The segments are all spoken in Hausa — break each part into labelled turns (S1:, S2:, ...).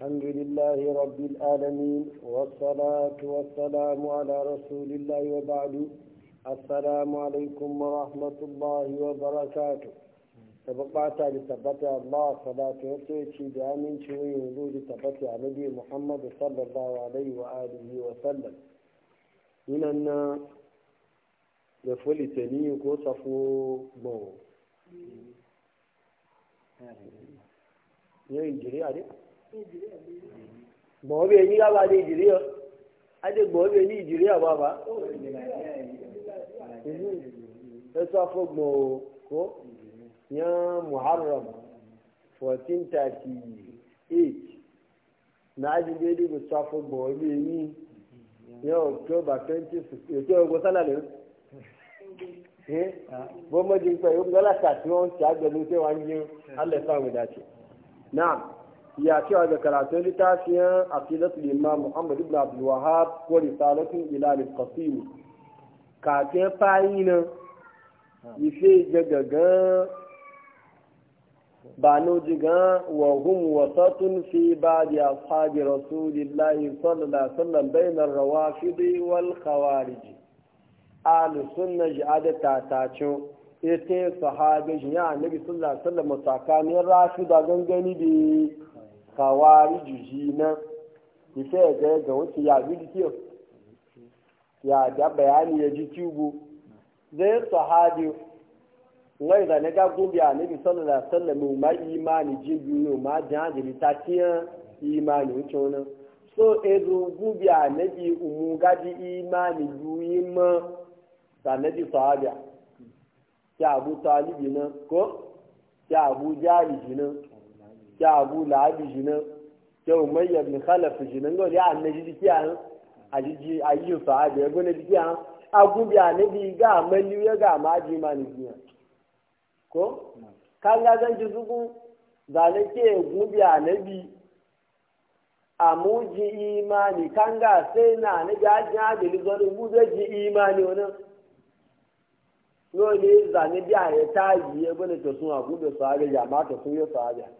S1: الحمد لله رب العالمين والصلاة والسلام على رسول الله وبعد السلام عليكم ورحمة الله وبركاته تالي تبقى الله صلاة وسيتي بأمين شوي وجود تبقى النبي محمد صلى الله عليه وآله وسلم من أن يفولي تنيه كوصفو مو يا إنجري عليك gbọ̀n bí ẹni yára ní adé gbọ̀n bí ẹni ìdìríyọ bàbá ẹsọ afọgbọ̀n o kó yan muharram fourteen thirty eight náà adìgbẹ́dẹ́ ẹsọ afọgbọ̀n bí ẹni yan october twenty six ètò ẹgbẹ́ sálàlẹ́ o bọ́mọdé ń pẹ́ yóò gbọ́dọ̀ àti àti wọn ti àgbẹ̀lú tí ń yín alẹ́ fáwọn ìdájọ́ náà. ya cewa da karatun littafin aqidatul imam muhammadu ibn abdul wahhab ko risalatun ilalif al-qasim ka ke fayina ife gagaga ba no jiga wa hum wasatun fi ba ba'd ashabi rasulillahi sallallahu alaihi wasallam bainar rawafidi wal khawarij ahlus sunna ta tatacin ita sahabi ya annabi sallallahu alaihi wasallam tsakanin rafida gangani da khawariju jina ife ga ga wuce ya bi kiyo ya da bayani ya ji tubu zai sahabi wai da na ga gumbi annabi sallallahu alaihi wasallam ma imani jibiyo ma jahili ta tiya imani wuce wannan so ezu gumbi annabi umu gadi imani duyi ma sanadi sahabiya ya abu talibi nan ko ya abu jahili nan ya abu lahabi jinan ya umayya bin khalaf jinan ga ya annaji jiki an ajiji ayyu sahabi ya gona jiki an agun bi anabi ga mali ya ga maji mani jiya ko kan ga zan ji zugu zalake gun bi annabi amuji imani kan ga sai na na ga jahili zo ne ji imani wannan a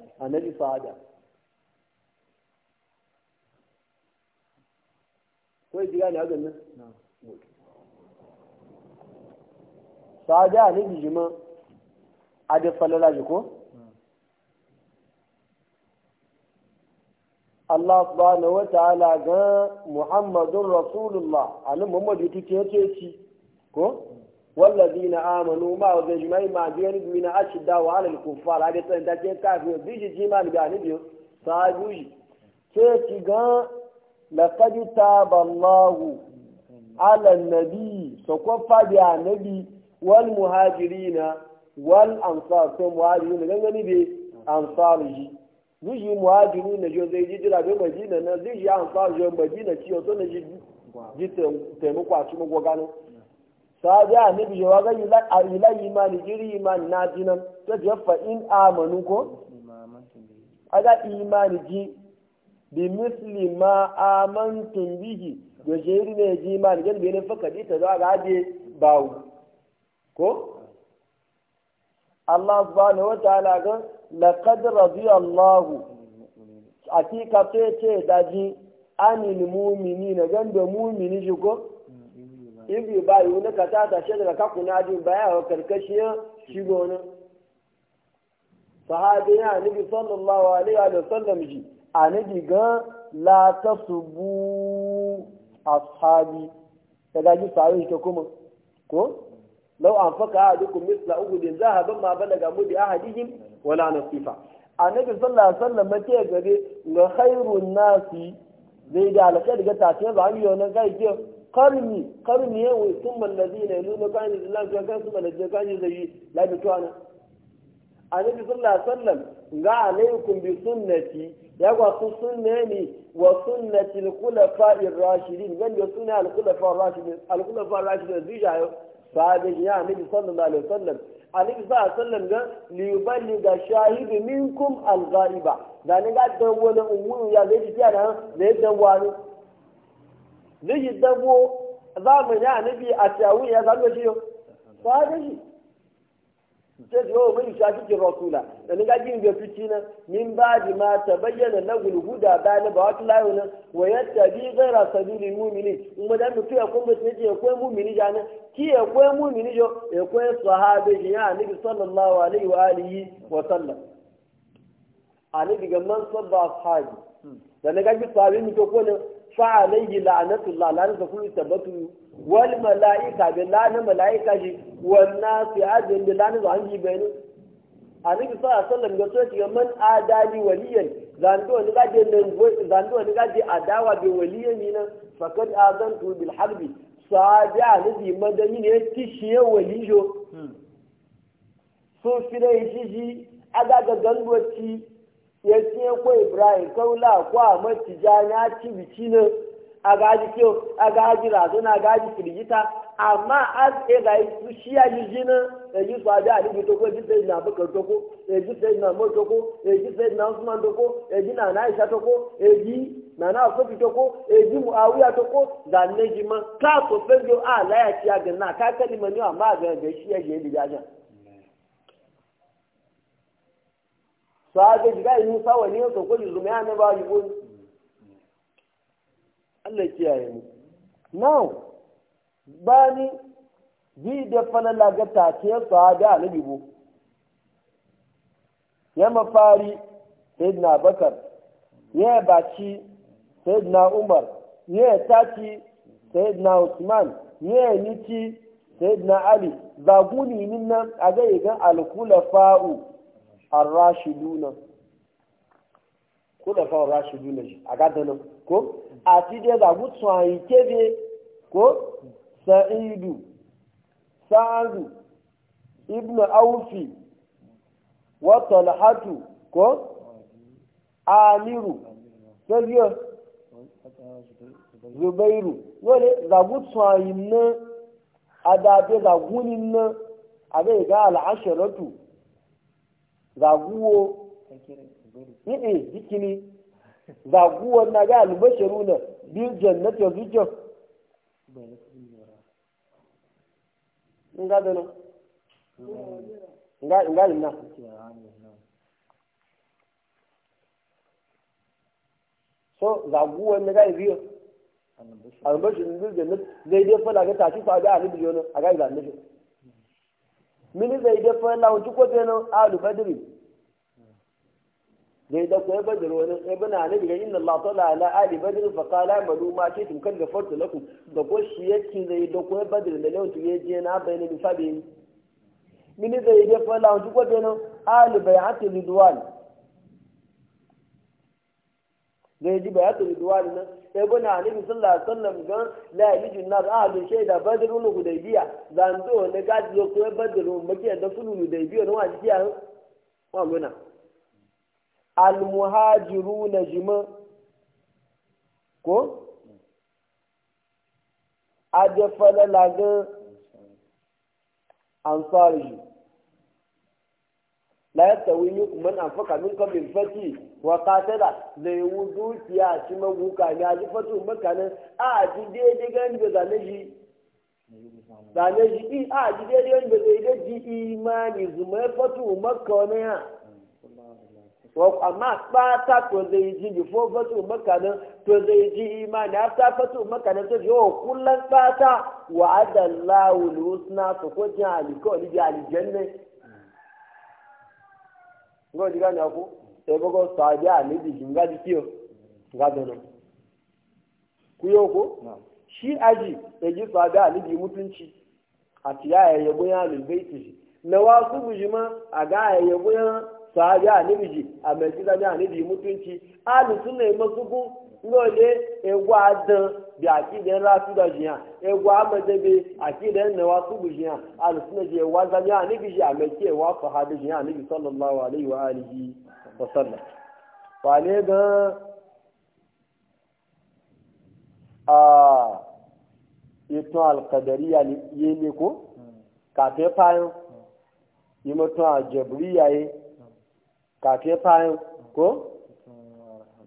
S1: Ana ifada ko ji ne hakan nan fada annabi jima a da falala ji ko Allah subhanahu wa ta'ala ga Muhammadun Rasulullah, Ali Muhammadu tuke ce ci, ko? والذين آمنوا ما وجمع ما بين من أشداء وعلى الكفار هذه تنتهي كافر بيجي جيمان بيانيو صاحبوجي تيجان لقد تاب الله على النبي سكوفا يا نبي والمهاجرين والأنصار ثم مهاجرين لنغني بي أنصاري نجي مهاجرين جو زي جيجرا بمدينة نجي أنصار جو مدينة تيوتو نجي جيتو تيمو قاتشمو قوغانو sahabi annabi yawa ga ila imani iri imani na jinan ta jaffa in amanu ko A aga imani ji bi misli ma amantum bihi da jeri ne ji imani gan bene faka ji ta zuwa gaje bawo ko Allah subhanahu wa ta'ala ga laqad radiyallahu akika ce ce daji anil mu'minina gan da mu'mini shi ko in bi ba yiwu na kata ta shi daga kaku na jin baya wa karkashiyar shigo na sahabi ya nabi sallallahu alaihi wa sallam ji a nabi ga la tasubu ashabi ta gaji sahabi ta kuma ko lau an faka dukkan misla ugudin ban ma balaga mudi ahadihim wala nasifa annabi sallallahu alaihi sallam mace gare ga khairun nasi zai da alƙa daga tafiya ba an yi wannan kai ke karni karni ya wai sun mallazi na ilu na kani islam ya kan su mallazi kani da yi labi tuwana annabi sallallahu alaihi wasallam ga alaikum bi sunnati ya ga su sunne ni wa sunnati al-khulafa ar-rashidin ban da sunna al-khulafa ar-rashidin al-khulafa ar-rashidin zija yo sahabi ya annabi sallallahu alaihi wasallam alaihi wasallam ga li shahidu minkum al-ghaiba da ni ga dan wani umuru zai ji da ne zai dabo zamani annabi a ciyawu ya zama shi yo ba da shi sai da yau mai a cikin rasula da ni gajin ga fici na min ba di ma ta bayyana na gulguda ba na ba wata layo na wa yadda bi gaira sabili mumini kuma da mutu ya kuma ta ce akwai mumini ja na ki akwai mumini jo akwai sahabi ya annabi sallallahu alaihi wa alihi wa sallam annabi ga man sabba ashabi da ni gajin sahabi mu ko ne fa’alayi la’anatullah la’anatar kuri tabbatu wani mala’ika bin la’ana mala’ika shi wanna su yi ajiyar da la’anatar hanji bai ne a nufi a sallan ga sauti ga man adali waliyan zanto wani gaje nan zanto wani gaje adawa bai waliyan ni nan fakar azan to bil harbi sa’adi a nufi madani ne tishiye walijo hmm. so fi da ya shi shi a gaga gangwaci ya ce kwa ibrahim kaula kwa matija na ci bici ne a gaji kyau a gaji razo na gaji firgita amma as e ga su shi ya ji jini ya ji swaji a dubu toko ya ji sai na bukar toko ya ji sai na mor toko ya ji sai na usman toko ya ji na na isha toko ya ji na na sofi toko ya ji muawiya toko da ne ji ma ka so fejo a laya ci a ganna ka kalima ne amma ga shi ya je bi jajan. sahabe diga yi sawa ne ka kuli zumiya na ba yi wani Allah kiyaye mu now bani bi da fana falala ga take sahabe annabi bo ya mafari sayyidina bakar ya baci sayyidina umar ya taci sayyidina usman ya niti sayyidina ali ba guni min nan a ga alkula fa'u arrashiduna kulafa arrashiduna shi a gadanan ko a ti dai da gutsuwa yi kebe ko sa'idu sa'adu ibn aufi wa talhatu ko amiru sabiyo zubairu wale zagutsuwa yi nan a dabe zagunin nan a zai ga al'asharatu zaguwo ee jikini zaguwo na ga albashiru na bil na wa nga da nga so zaguwo na ga biyo albashiru bil jannati na dai ga tashi ga alibi a ga zannati mini zai da fa la wuci ko tano alu badri zai da ko badri wani ibn ali daga inna allah ta'ala ala ali badri fa qala madu ma ce tum kan gafartu lakum da ko shi yake zai da ko badri da lawan tuye je na bayani bi fabi mini zai da fa la wuci ko tano alu bay'ati lidwan zai ji bay'ati lidwan nan ibn ali sallallahu alaihi wasallam gan la yajin nar ahlu shaida badrun hudaybiya zando ne ga zo ko badrun muke da sulu hudaybiya no wani ya wa gona al muhajiruna jima ko adafala lagan ansari la yastawi minkum man anfaqa min qabl al wa qatala da yudu ya ci maguka ne a fatu makanan a ji daidai gani da zanaji zanaji i a ji daidai gani da zai ji imani zuma fatu makka wani ya amma fata to zai ji before fatu makanan to zai ji imani after fatu makanan to yau kullum fata wa adallahu al to ko jin alikawli bi aljanna ngo diga na eh, ku sai bago saja ne di jinga di kiyo ga dono ku yo ko shi aji da eh, ji saja ne di mutunci a tiya ya eh, yabo ya lulbaiti shi na wasu bujima a ga ya yabo ya saja ne biji a mai ji saja ne di mutunci alu sunna masu ku ngo le egwa dan da akidan rasu da jiya egwa amadabe akidan na wasu bu jiya alusuna je wa zanya anibi je amake wa sahabi jiya anibi sallallahu alaihi wa alihi wa sallam ne ga a ito alqadariya ye ne ko ka kafe fayin yi mutum a jabriya ye kafe fayin ko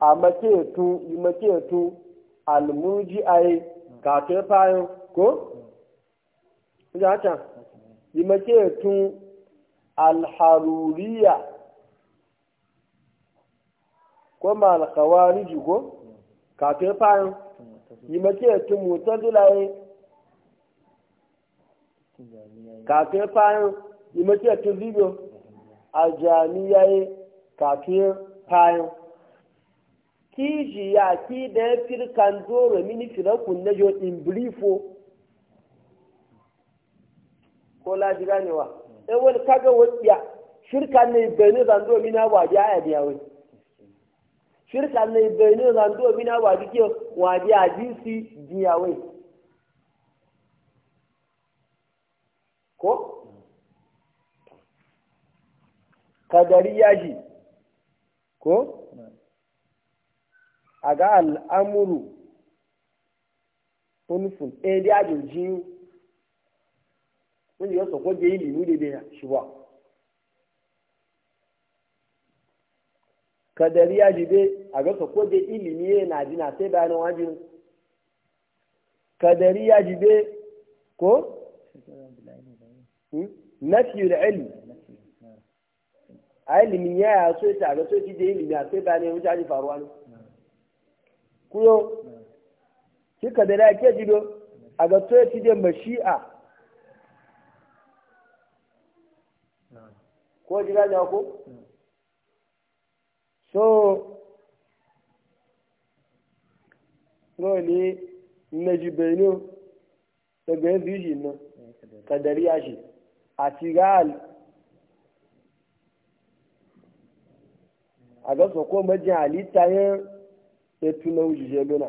S1: a make tun yi make tun almuji ai kafin fayin ko? Ina ta, yi mace tun alharuriya ko ma Alkhawari ji ko? Kafin fayin, yi mace tun mutazila ai kafin fayin, yi make tun zibiyo, aljamiya ai kafin fayin. kiji ya ki da firkan doro mini firakun na jo in brifo ko laji ganewa ɗan hmm. eh, wani kaga wasiya shirka ne bane zando mina abu a biya wai shirka ne bane zando mina waje ke waje a jinsi biya wai ko hmm. kadari yaji ko Aga al'amuru unifun ɗaya da yajin jiyu wanda yasa kwaje yi limu da shi ba kadari ya jibe a ga sa ilimi ya na jina sai bayanin wajin kadari ya jibe ko a ilimin ya yaso ya tare so da faruwa kuyo kika da da ke jido a ga to ti da mashi'a ko jira ne ko so no ne na jibenu daga yanzu yi nan kadariya shi a tigal a ga soko majin halitta yin etu na ujije lona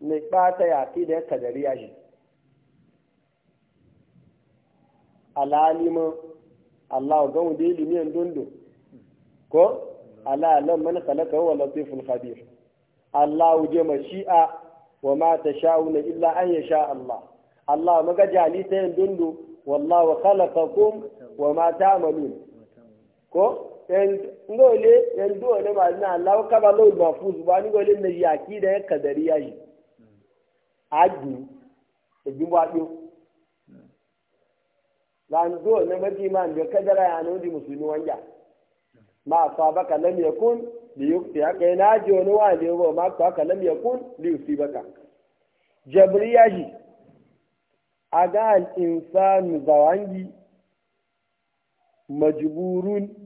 S1: mai ɓata ya fi da dari ya shi alalima Allah ga wanda ilimiyan dundu ko ala lam man khalaqa huwa latiful khabir Allah uje mashi'a wa ma tashauna illa an yasha Allah Allah maga jali ta dundu wallahu khalaqakum wa ma ta'malun ko ngole yanzu wani ma na Allah ka ba ba mafuz ba ni gole ne yaki da ya kadari yayi aji da jumba do lan do ne ba ji man da kadara ya no di musulmi wanja ma fa baka lam yakun li yukti haka na ji wani wa ne ba ma fa ka lam yakun li yukti baka yi aga al insanu zawangi majburun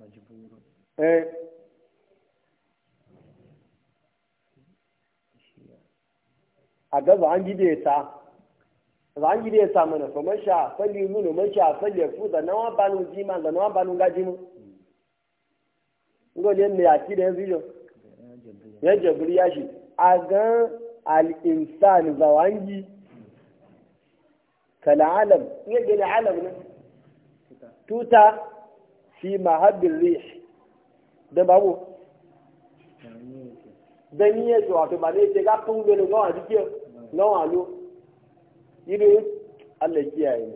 S1: majburun eh a ga an gide ta an gide ta mana fa man sha fali nuna man sha fali fu da nawa banu jima da nawa banu mu. ngo ne ya aki da yanzu ya jabri ya shi a ga al insan wangi Kala alam ya ga alam ne tuta fi ma haɗin rish don babu ah, da ah, ah, ni ya ce wato ba ne ce ga kun gani ga wa jikin na walo irin Allah kiyaye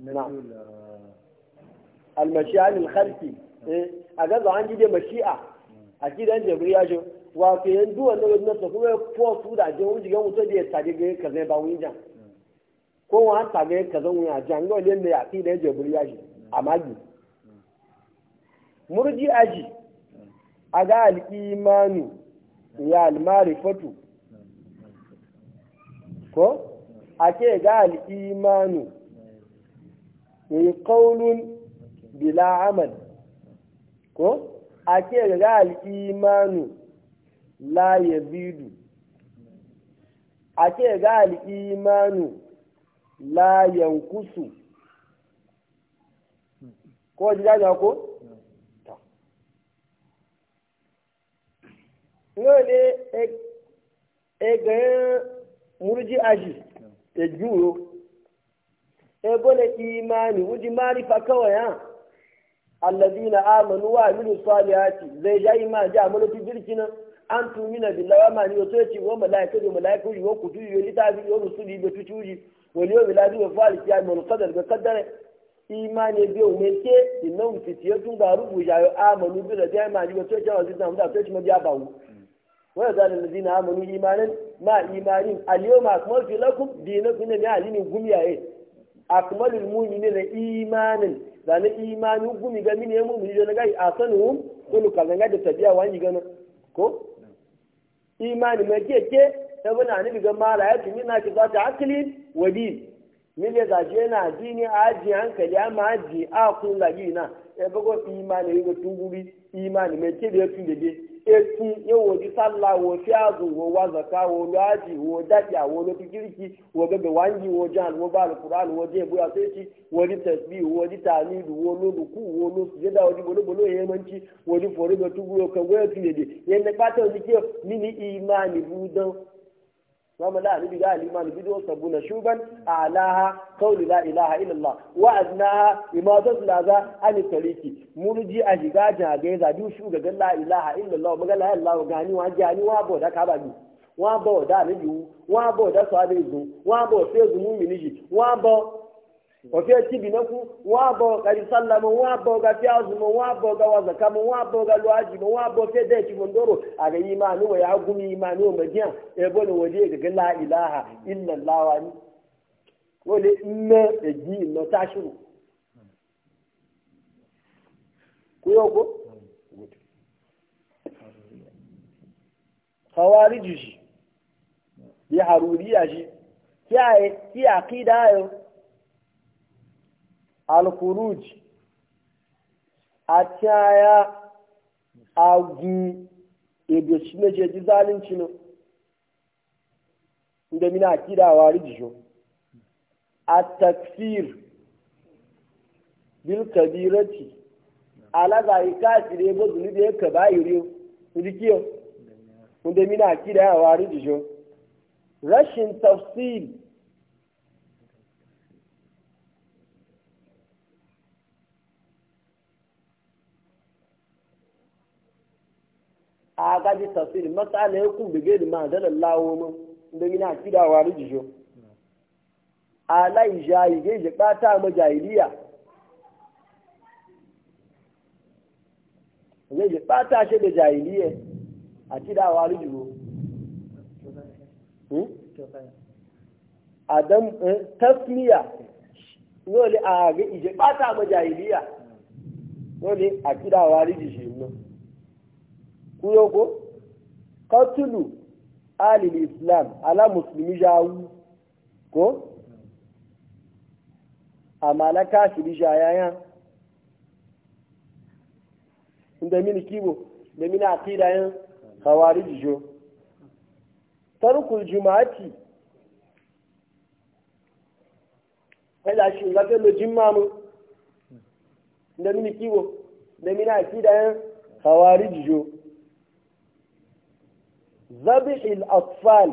S1: ne na almashi almashi'an alkhalqi a gaza an gide mashi'a a gidan jabriya shi wato duwa na wajen nasa kuma ya ko su da jin wuji ga mutum da ya tage ga kaza ba jan ko wa an tage kazan kaza wuya jango ne ne a gidan ya shi a magi murji aji a ga al'imanu ya fatu, ko a ke ga al'imanu ya yi kaunun bila amal ko a ke ga al'imanu la ya zidu a ke ga al'imanu la yankusu ko ji ko? lóòlé e, e muruji aji àjì e èjúro ẹgbọ́n ìmáàni wújí márífà kawai hã, allazina amanu wa aminu salihati zai ja iman ja amalu fi birkina an tumina billahi wa mani wato yace wa malaika da malaiku yi wa kutu yi litafi wa rusuli da tutuji wal yawmi la yuwa fa'al qiyam wal qadar bi qadar imani bi o meke inna fitiyatun garu bujayo amanu bi da ja imani wato yace wa zidan da to yace ma ba wu. wanda za a nazi imanin ma imanin aliyu ma akwai wafi lakun dina fi na biya alinin gumiyaye a kuma lulmuni ne da imanin da na imanin gumi ga mini ya mummuni da na gari a sanuhun kulu kalan gada tabiya wani gano ko? imanin mai kyakkyar tabi na nufi gan mara ya tumi na ke zata hakili wadi mile gaje na dini aji hankali ama aji a lagi na ebogo imani yigo e tunguri imani me kebe etun dede etun yewo di salla wo fi azu wo wa zaka wo lo aji wo daja wo lo tikiriki wo bebe wanji wo jan wo ba alquran wo je boya sechi wo di tasbih wo di tamidu wo lo ruku wo lo sujada wo di bolo bolo ye manchi wo di fori do tunguro kan wo etun dede yen ne pato dikio mini imani budan Wa mu da ni bi da ni mu ma mu bi duka sabbuna shuɓen a na ha kawlu da ila wa as na ha ima zata suna a ni tariki mu riji aji da aji na a ga yi da duhu shugaban da ya lalwa ganin waje wani wa boda kaba biyu, wa mba wadada arba wa mba wadada sauri biyu, wa mba wase biyu muminiyuri, wa mba. wafiya tibi na ku wa bo ga sallah mo wa bo ga fiazu mo wa bo ga wazaka wa ga luaji mo nwa abọọ fe aga imani wa ya gumi imani wa madiya e bo ga la ilaha illa allah wa e ni inna ko khawariji ji haruriya ji e, kiyaye alkuruj a caya a gu ebe shi na jeji zalunci ne inda mina akida wa rijiyo a takfir bil kabirati alaga ikasire bo zunubi ya kaba yiriyo rikiyo inda mina akida wa rijiyo rashin tafsir a gaji tafsir masala ya kun bige da manzan Allah mun da mina kida wari jijo alai jayi ge je bata ma jahiliya ge je bata shi da jahiliya a kida wari jijo hmm? adam eh, tasmiya dole a ga ije bata ma jahiliya dole a kida wari jijo kuyo ko katulu ali islam ala musulmi jawu ko amma na kafiri jayaya inda mini kibo da mini aqida yan khawarij jo tarkul juma'ati da shi ga jimma mu inda mini kibo da mini aqida yan khawarij jo zabihil atfal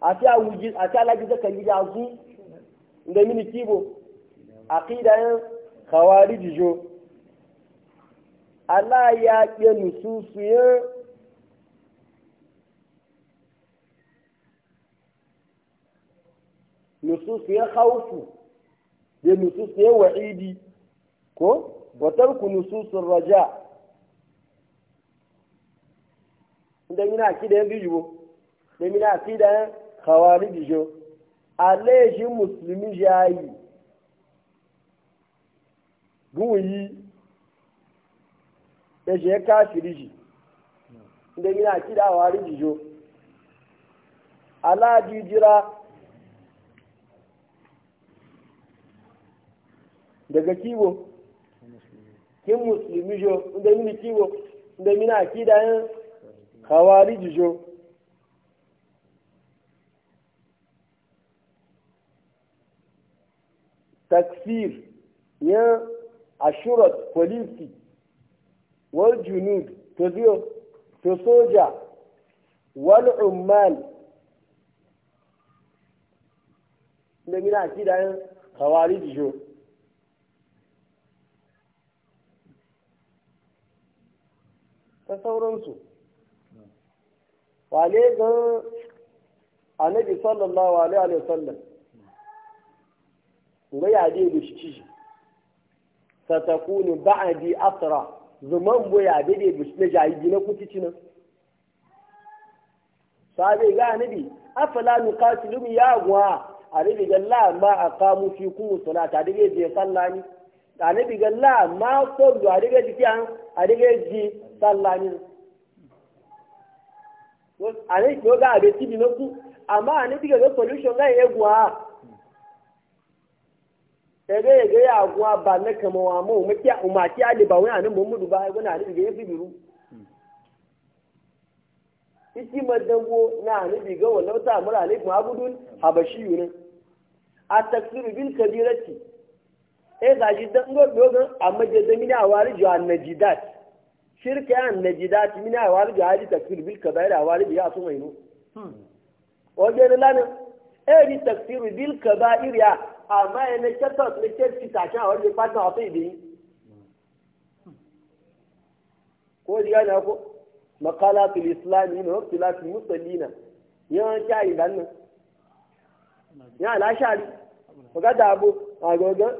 S1: ati awuji ati alaji zaka yi azu da mini kibo aqida yan khawarij jo ala ya ke nususu ya nususu ya khawfu da nususu ya wa'idi ko wa tarku nususu raja' da mina akida yan bijibo na ki akida yan bi jo alejin musulmi jayi yi da je kafiri ji da mina akida wari ala alaji jira daga kiwo kin musulmi jo da mini kiwo da mina akida yan khawariji jo takfir ya ashurat polisi wal junud to ziyo to soja wal ummal da mina ci da jo ta sauransu wale ga annabi sallallahu alaihi wa sallam ga ya dai da shi satakunu ba'di asra zaman bu ya dai da shi na jayi na kuti cinan sabe ga annabi afala nuqatilum ya gwa annabi ga la ma aqamu fi kum salata dai da sallani annabi ga la ma so da dai ga ji an dai ga ji sallani ale ti o ga abe ti bi meku ama ani ti gege solution ga egu a ege ege ya agu ne kama wa mo mo ti o ma ti ale ba na fi biru isi madango na ani diga wala ta amara alaikum abudun habashi yune a taksiru bil kabirati e zaji dan go dogon amma je shirka yan najidati mina ya wari ga hadi takfir bil kabair ya wari bi ya su mai no o ge ne lan e ni takfir bil kabair ya amma ya ne kata ne ke ci ta kan wari pa ta ofi bi ko diga na ko maqalatul islam ne waqti la fi musallina yan sha idan nan ya la shari ko ga dabo a gogan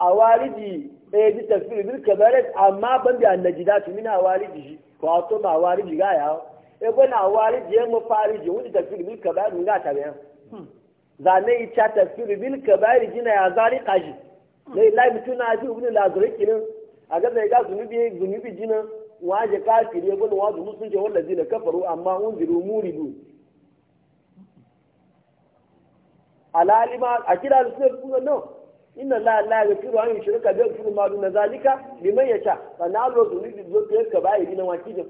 S1: awariji ɗaya ji tafsir bil kabaret amma ban da annajida tu mina wariji shi ko to ma wariji ga yawo e ko na wariji mu fariji wuji tafsir bil kabaret mun ga tabiya hmm. zane yi cha tafsir bil kabaret gina ya zari kaji hmm. lai lai mutuna ji ibn lazuri kinin a ga zai ga zunubi zunubi jina waje kafiri ya e na wazu musun ce wanda zina kafaru amma unziru muridu alalima a kira da suna kuma no inna la la ya firu an shirka da firu ma dun zalika liman yasha fa na lo dun di zo te ka bai gina wa kije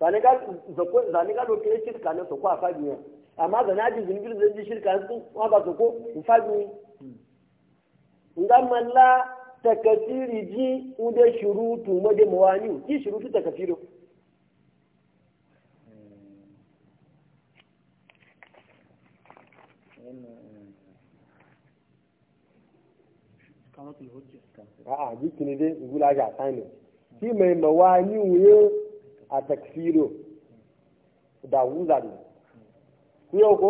S1: zane ka zako zane ka lo te shirka ne to ko afa biya amma da na ji zunubin zan ji shirka sun wa ba to ko in fa biya hmm. ngan malla takasiri ji ude shurutu made mawani ji shurutu takasiru a'a jiki ne dai gula ga tsanin Ki mai mawa ni wuye a takfiro da wuza ne ku yau ko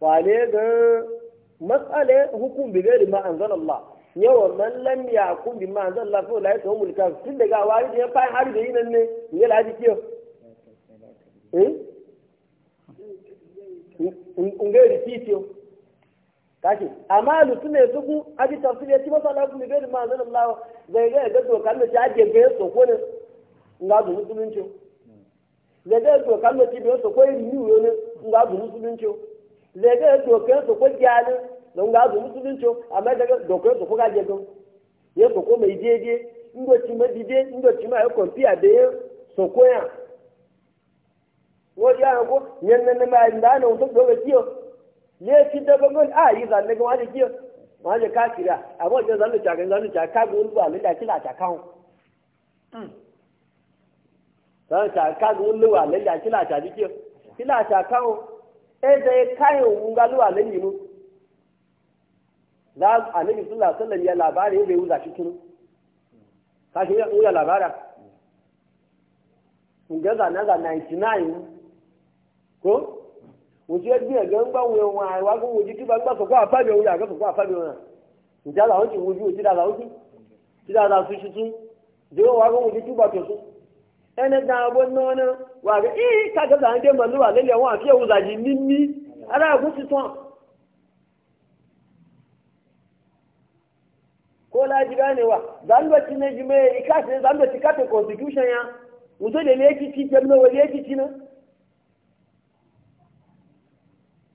S1: wale ga matsale hukum bi gairi ma anzal Allah yawa man lam yakum bi ma anzal Allah fa la yakum mulka tun daga wari da ya fa har da yinan ne ne la ji kiyo eh unge ri kiyo kashi amma lutu ne zugu aji tafsir ya ci masa ala ne gari ma zan Allah zai ga ga to kan ta ake ga so ko ne nga zu musulunci zai ga to kan ta bi ni ne nga zu musulunci zai ga to kan ko nga amma daga ko ga je don ko mai ndo ci ma dide ndo ci ma ko pia de so ko ya wo ya ko ne ma nda no to do ga ne ci da bangon a yi zanne ga wani kiyo wani ka kira zanne caka zanne caka ka gori ba kila ta kan zanne caka ka kila ta kila ta e da mu da annabi sallallahu alaihi wasallam ya labari labara kun ga 99 ko òtí ẹbí ẹ̀gẹ́ ń gbà wọn ẹ̀wọ̀n àìwá kó wojú gbà sọ̀kọ́ àfáàbẹ̀ òun yàgẹ́ sọ̀kọ́ àfáàbẹ̀ òun ǹjẹ́ àlàó ti wojú òtí dàda ó tún tí dàda tún ṣe tún bó wà á i kájọ́ tà ń dé màlúù àlélẹ̀ wọn àti ẹ̀wù zàjì níní ti tán. kó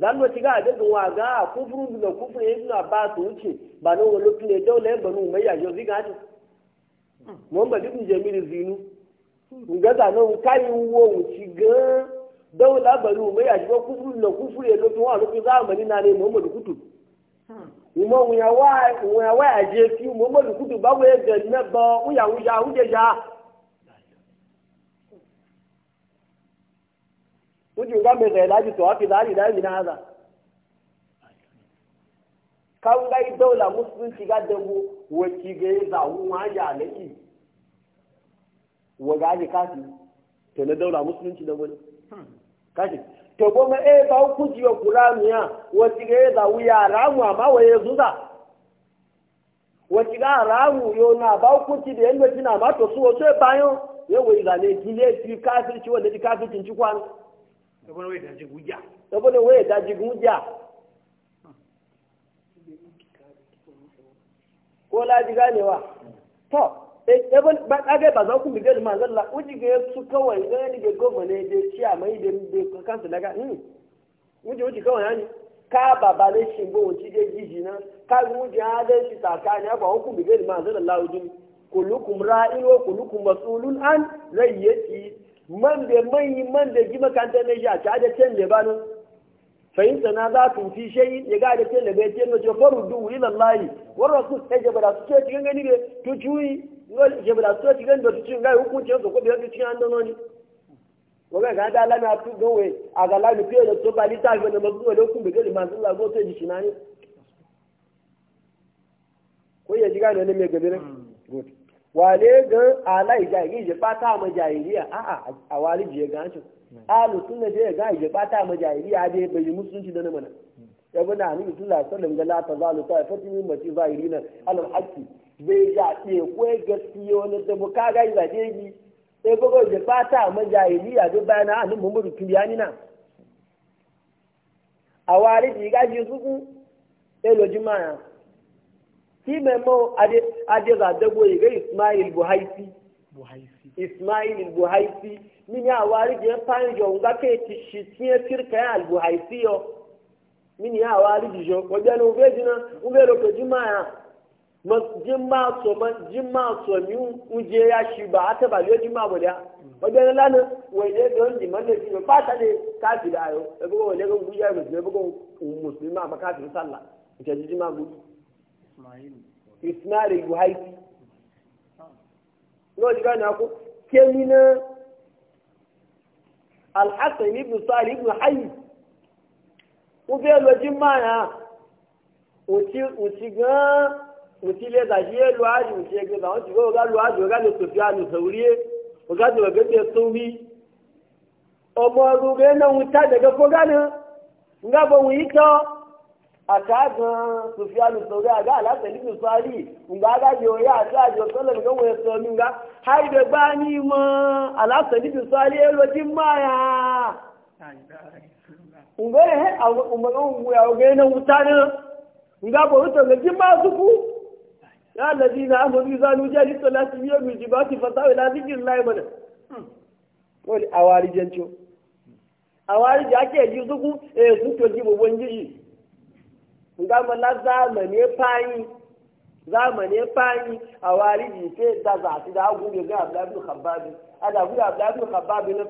S1: zanu ci ga da wa ga kufru da kufru ya suna ba to wuce ba nan wani lokacin da daula yan banu mai yajo ziga ta muhammad zinu ga wo ga daula banu mai yajo ya wa na ne muhammad kutu kuma wuya wa wuya wa aje fi muhammad kutu ba wa ga na ba wuya kujin ga mai laji to haka zari da mina haza kan gai daula musulunci ga dabu wacce ga yi zahu waje laki wa gaji kafi to na daula musulunci da wani hmm. kashi to goma e ba kuji wa miya wacce ga yi zahu ya ramu amma wa ya zuza wacce ga ramu yo na ba kuji da yanzu kina ma to su wato bayan yawa izane gile fi kafirci wanda ji kafircin ci kwanu? ebona we daji guja ebona we daji guja ko laji to ebon eh, ba kage ba za ku mi gani manzon la uji ga su kawai gani ga gwamnati da ciya mai da da kansu daga hmm uji uji kawai yani ka baba ne shi bo uji da jiji na ka uji ha da shi tsakani ba ku mi gani manzon la uji kulukum ra'in wa kulukum mas'ulun an rayyati man manyi man da ji makantar na a ta da can lebanon fahimta na za su fi shayi ya ga da can lebanon ce mace faru duhu ila layi warra su ta jaba da su ce cikin gani ne tu cuyi jaba su ce cikin da su cikin gani hukuncin su ko biyar cikin an dano ne wọ́n kàn dá lánàá tó gbọ́wé àgàlánì pé èlò tó balí tá ìgbẹ́ni ọmọ gbọ́wé lókùn gbèké lè máa ń lọ gbọ́wé tó èjì sinani. ó ko jíga ní ẹni mi gbèbèrè. good. wale gan ala ijagi je pata ma jahiliya a a ah, a ah, ah, wali je gan shi hmm. alu sunna je ga je pata ma jahiliya je be yi musulunci dana mana ya hmm. bana ni sallallahu alaihi wasallam ga la tazalu ta'ifatu min mati na alal haqqi bai ja ce ko gaskiya wani da buka ga ida je gi je pata ma jahiliya do na awali ga ji shi mai mawa ade za dago ga ismail buhaisi ismail buhaisi min ya wari je fan jo nga ke ti shi ya al yo min ya wari jo ko je no ve u ve ro ko jima ya ma jima so ma jima so mi u je ya shi ba ata ba le jima bo ya ko je la na we je don di man le ba ta de ka bi da yo e le je muslima ba ka sallah ke jima bu ismail buhaiti yau ji gane ku kemi na alhassan ibn sa'ad ibn hayy mo fẹ́ lọ jí máa yàn òtí gan-an òtí ilé tàbí yé lu àjò òtí ẹgbẹ́ tàwọn ti gbọ́ ọ̀gá lu àjò ọ̀gá lè sòfin àlùsọ̀wúrí ọ̀gá tó ọ̀gá tó tó wí ọmọ ọdún bẹ́ẹ̀ náà ń tàjẹ̀gẹ́ fọ́gánà ń gábọ̀ wọ̀nyí tán. akagan sufiyanu sauri aga alasa libi sari nga agaji oya ati ajo sọlọ nga wọ ẹsọ mi nga ha ibe gba ni mọ alasa libi sari elo ti mma ya nga ehe ọmọdé ngwe ọgẹ na wuta na nga bọ wuta nga ti ma zuku. ya ladi na amadu zanu jẹ ni sọlá ti yẹ mi jìbá ti fata wẹ láti awari jẹ n awari jẹ ake ẹ̀jú zuku, èsù e, tó jí gbogbo nga mala zamani fayi zamani fayi a wari jike da za su da gudu ga Abdul Khabbab khabbabi a da gudu abdullahi bin khabbabi na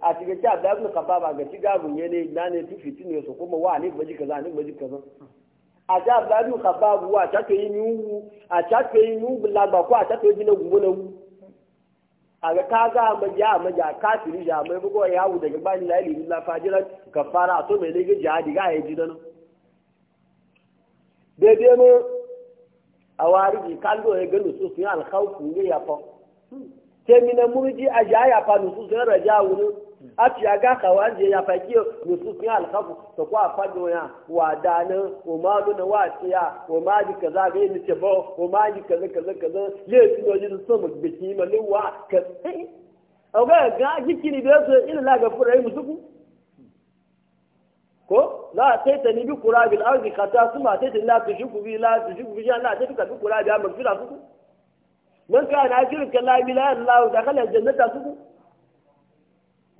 S1: a cikin ta Abdul Khabbab ga ci gabun ne ne na ne tu fitin ne su kuma wa ne baji kaza ne baji kaza a ci abdullahi bin wa ta ke yi nugu a ta ke yi nugu ba ko a ta ke yi na gugu na wu a ga ka ga maja maja kafiri ja mai bugo ya wu daga bani la ilaha illa fajiran kafara to me ne ga jihadi ga ya ji daidai mu a wariji kallo ya ga nusu sun alkhawfu ne ya fa ke na murji a ja ya fa nusu ya raja wuri a ci ga kawaje ya fa kiyo nusu sun alkhawfu to ko a fado ya wa na o ma do na wa ya o ma di kaza e e ga ni ce ba o ma di kaza kaza kaza le su do ji sun mu biki ma lewa ka au ga ga jikini be so ina la ga furai musuku ko la taita ni bi kura bi kurabil ardi khata suma taita la tushku bi la tushku bi la kura bi kurabi amma fi rafuku man ka na jiru kalla bi la allah da kala jannata suku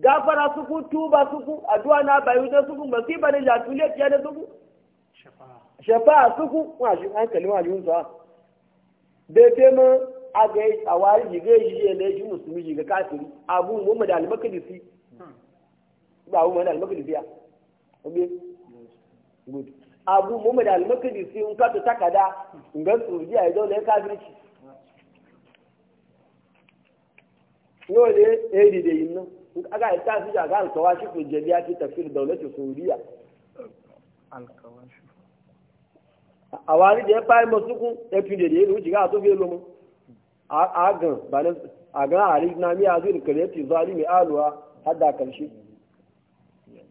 S1: gafara ku tuba su ku addu'a na bayu da ku masiba ne la tuliya kiya da ku. shafa su ku wa shi kalli wa yun sa da te ma a ga awari ji ga yi ne ji musulmi ji ga kafiri abu mu da al-maqdisi hmm. ba mu da al-maqdisi oge good abu mu da makadi sai in ka takada ngan turji ai dole ka ne da yole nan in ka ga ita su ja shi ko ku jeliya ti tafsir daulatin saudiya alkawashi awari de pai mosuku fi da yi ruji ga to fe lomo agan a gan ari na mi azin kare ti zalimi alwa hadda karshe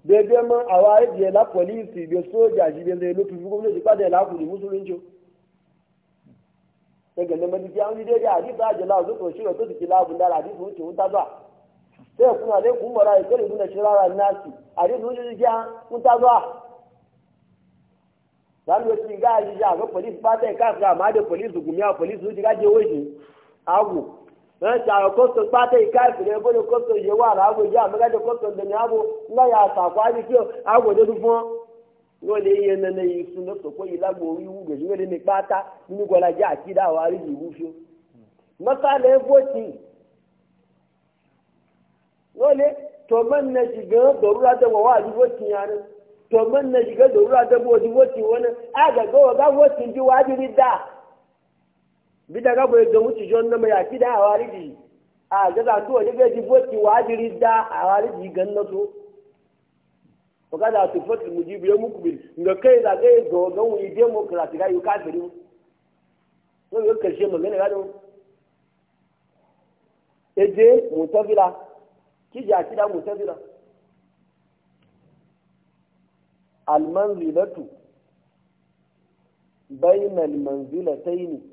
S1: bebe ma awa ejiye la polisi be soja be zai lutu fukun ne da laku ni musulunci sai ga lamar a jala zo to shiro to jiki labun da hadisi wuce wuta sai kuna dai kun mara ya kare kuna shirara nasi hadisi wuce jiki an wuta zuwa zan yi cikin ga a jiji a ga polisi ba ta polisi agu ran eh, taro kosto pata ikaifu ne bolo kosto ye wa abu go ja maga de kosto de ni abo na ya sa kwa ni kio ago de du fun ngo le iye na na isu no so ko ila go wi wu go ngo le ni kpata ni go la ja ti da wa ri wu fio mata le voti ngo le to man na ji ga do ra de wa ri voti ya ne to man na ji ga do ra de wa ri voti wona aga go ga voti ji wa ri da bida ga boye ga mutu jon na mai akida a wariji a ga za to ne ga jiboti wajiri da a wariji gannato to ga za to fatu mujibu ya muku bil ga kai da ga go ga wi democrat ga yu kafiru e to ga karshe magana ga don eje mutazila kija akida mutazila bayna al المنزلتين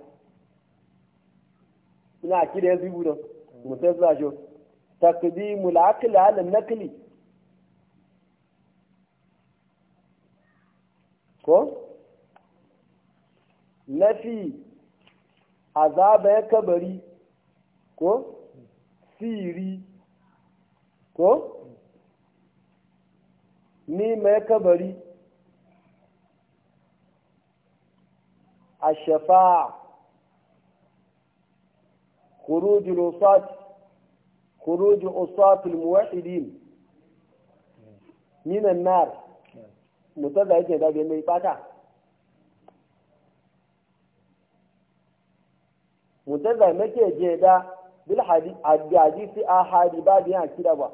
S1: a kira ya zibu don mutazila jo taqdimul aqli ala naqli ko nafi azaba ya kabari ko siri ko ni mai kabari a shafa'a خروج الوصات خروج عصاة الموحدين من النار متذا يجي ده بين يباتا متذا ما يجي ده بالحديث الحديث احادي بعد يعني كده بقى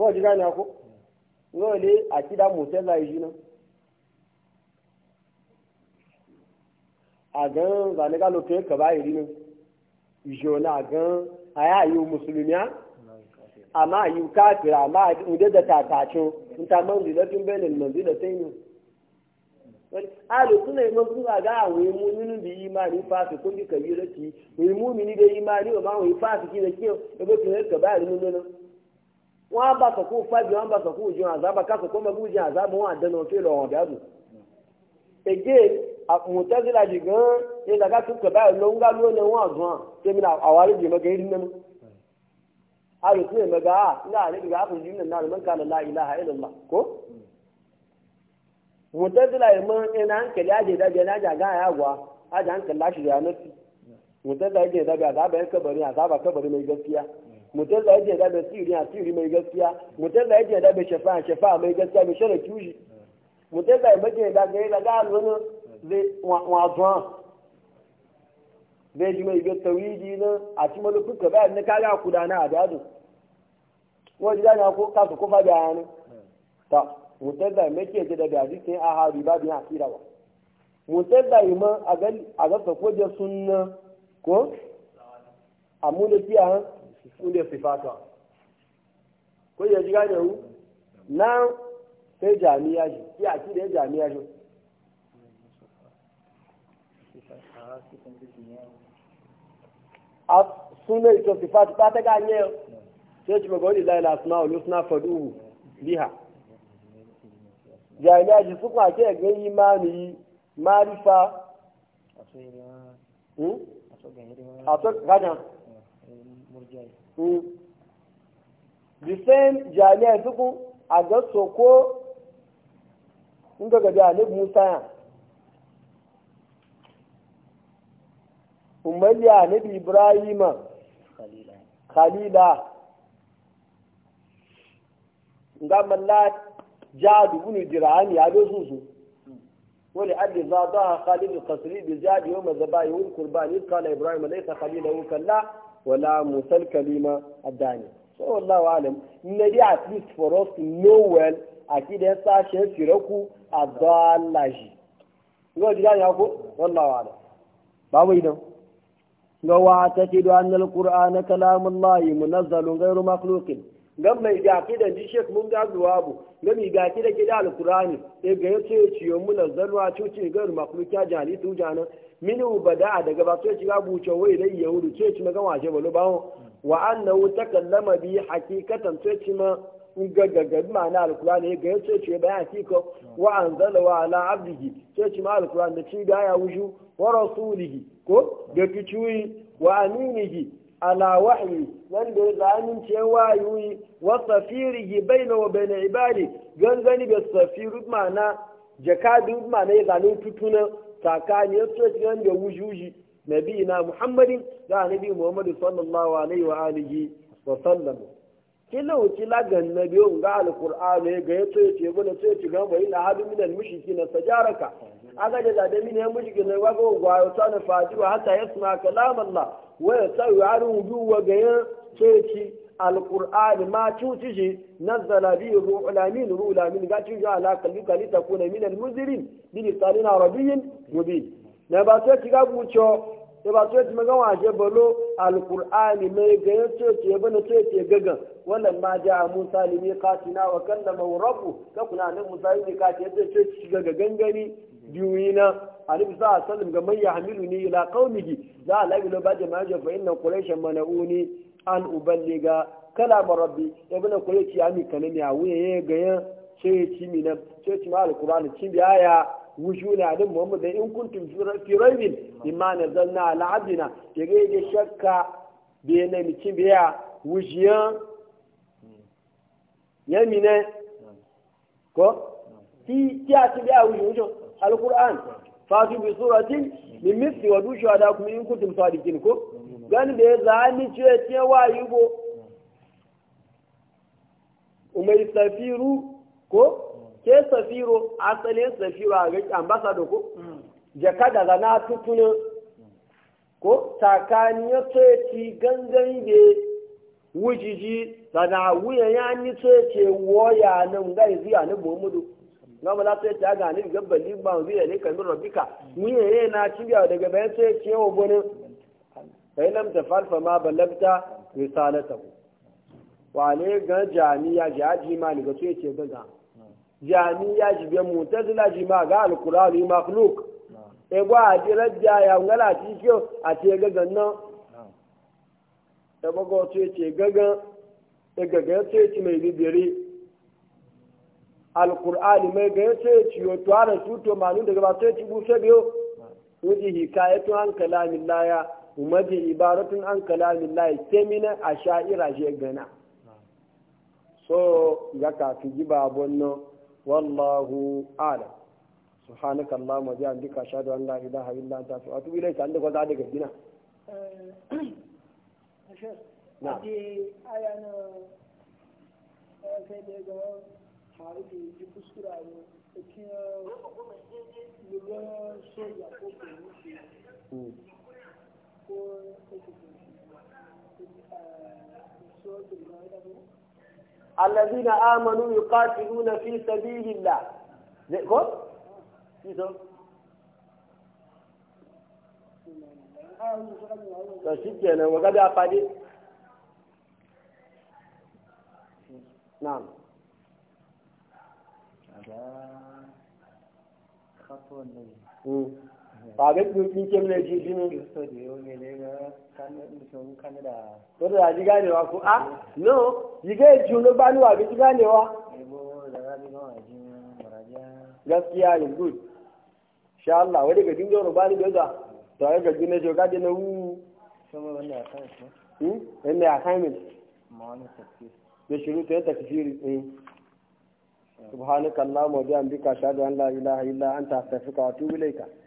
S1: ko ji gane ko ngole akida mutela yijina a gan zane ga lokacin ka ba iri nan jona gan a ya yi musulmiya amma yi kafira amma inda da tatacin in ta manzilatin benin manzilatin ne alu suna yi mafi a ga wai muminin da imani fasi kun ji kabila ci wai mumini da imani wa ma wai fasi ki da kiyo da ba tunar ka bayar nuna nan wọn bá sọ kó fábí wọn bá sọ kó jẹun àzába ká sọ kó mẹgbẹ jẹun àzába wọn àdánù ọfẹ lọ wọn dàbò. again mutazila ji gan ya daga tuka ba lo nga lo ne wa zuwa te mina awari ji maga irin nan ha yo tune maga ah, ina ne ga ku jin nan na man kana la ilaha illallah ko mutazila ya man ina eh, an kali aje da jana ja ga ya gwa aje an kalla shi ya nufi mutazila ya da ga da ba kabari ya da ba kabari mai gaskiya mutazila ya da ba sirri a sirri mai gaskiya mutazila ya da ba shafa shafa da wàdùn bẹ́ẹ̀ jùmọ̀ ìgbẹ́ tẹ̀wéjì iná àti mọ́lẹ́ pípẹ́ báyìí ní kárí a náà àdáàdùn wọ́n ti dáná kó káàtó kó fàbí ara ni ta mùtẹ́gbà méjì èdè dàbí àti sin aha rìbá bí àkírà wa mùtẹ́gbà yìí mọ́ àgàsọ̀kọ́jọ súnná kó àmúlẹ́tì àhán kúlẹ̀ fìfàtà kó yẹ jíga dẹ̀wú náà ṣe jàmíyá yìí kí àkírà jàmíyá yìí. a suna isosifati ba ta na sai ci magwani lalila asma olu suna faɗu biha jami'a shi su kwa ke ga imani marifa a to gada the same jami'a su a ga soko in ga gabi musa umayya nabi ibrahima khalila nga malla jadu ibn dirham ya do susu wali adi zada khalid al-qasri bi jadi yawm zabai wal qurban qala ibrahim Khalila khalilahu kalla wala musal kalima adani so wallahu alam nadi at least for us to know well akida sa she firaku adalaji ngo diga ya ko wallahu alam wai idan ga wata ce da annal qur'ana kalamullahi munazzalun gairu makhluqin gan mai gafi da shek mun ga zuwabu gam mai gafi da kida alqur'ani e ga yace ciyo munazzalu a cuci ghairu makhluqa jani tu jana minu bada daga ba sai ci ga buce wai dai yahudu ce ci magan waje balo bawo wa annahu takallama bi hakikatan ce ci ma na ma'ana alkurani ga ya ce ce bayan hakika wa anzala wa ala abdihi ce ci ma alkurani da ci ga ya wuju wa rasulihi ko da tuciwi wa aminihi ala wahyi wanda ya zamin cewa yuyi wa safirihi baina wa baina ibadi gangani da safiru mana jakadu mana ya zamin tutuna tsakani ya tsoci wanda wujuji na muhammadin da nabi muhammadu sallallahu alaihi wa alihi wa sallam kila wuci lagan na biyu ga alkur'ani ya ga ya ce ce bane ce ci gamba ina hadu minan mushiki na sajaraka aga da da min mushiki mushriki na wago gwayo ta na fati wa hatta yasma kalam Allah wa ya sai yarun du wa ga ya ce ci alkur'ani ma cuci shi nazzala bi ruhul amin ga ci ga ala kalika ta kuna minan muzirin bi salina arabiyyin mubin na ba sai ci ga buco da e ba so yace magan waje balo alkur'ani mai ga yace ce bana so gaga wannan ma ja Musa limi qatina wa kallama rabbu ka kuna nan Musa yake ka ce yace ce ci gaga gangani biyuina Annabi sallallahu alaihi wasallam ga man yahmiluni ila qaumihi za a bada ba jama'a fa inna quraishan mana'uni an uballiga kalam rabbi ibn ya mi kanani a wuya ga yan ce ci na ce ci ma alqur'ani biya Wujuna din muhammad da in kuntum fi raibin imma nazalna ala abdina kege da shakka be na miki biya wushiyan yamine ko ti ti a ti biya wushin wushin alquran Fasu bi suratin min mithli wa dushu ada kuma in kuntum sadiqin ko gani da ya zani ce ce wa yugo umay safiru ko ke safiro asalin safiro a rikin ambasado ko mm. jaka da zana tutunan ko tsakanin ya ci gangan da wujiji zana wuyan ya ni ce woya nan ga izi a nan muhammadu gama na sai ta ga ni gabban liban zai ne kan rabbika mm. wuyan ya na cibiya daga bayan sai ce wa gonin sai nam ta farfa ma balabta risalatahu wale ga jami'a jaji ma ni ga ce ce gaza jami'a shi bai zila shi ma ga alkurani makhluk e gwa a rajja ya ngala ti kyau a ce gagan nan ta e bago ti ce gagan e gagan ti ci mai bibiri alkurani mai ga ti ti yo to ara su to manu daga ba ce ci bushe biyo wuji hikayatu an kalamin laya umadi ibaratun an kalamin laya kemina a sha'ira gana so ya kafi giba bonno wallahu alam subhanaka allahumma wa bihamdika ashhadu an la ilaha illa anta astaghfiruka wa atubu ilayk an da gwaza daga gina na aya na sai da ga hari da ji kuskura ne cikin lura soja ko ko ko ko ko الذين آمنوا يقاتلون في سبيل الله ذكر كيسو شكرا وقد أفادي نعم هذا خطوة النبي ba ga tsokin kem na ji jini ko da ji ganewa ko a ah, no ji ga ji ba ni wa ga ji ganewa gaskiya good Allah wani ga ba ni to ga joga na wu sama wanda ya kai shi ya kai min ma wani tafsir da shiru ta eh سبحانك اللهم وبحمدك اشهد ان لا اله الا انت استغفرك واتوب اليك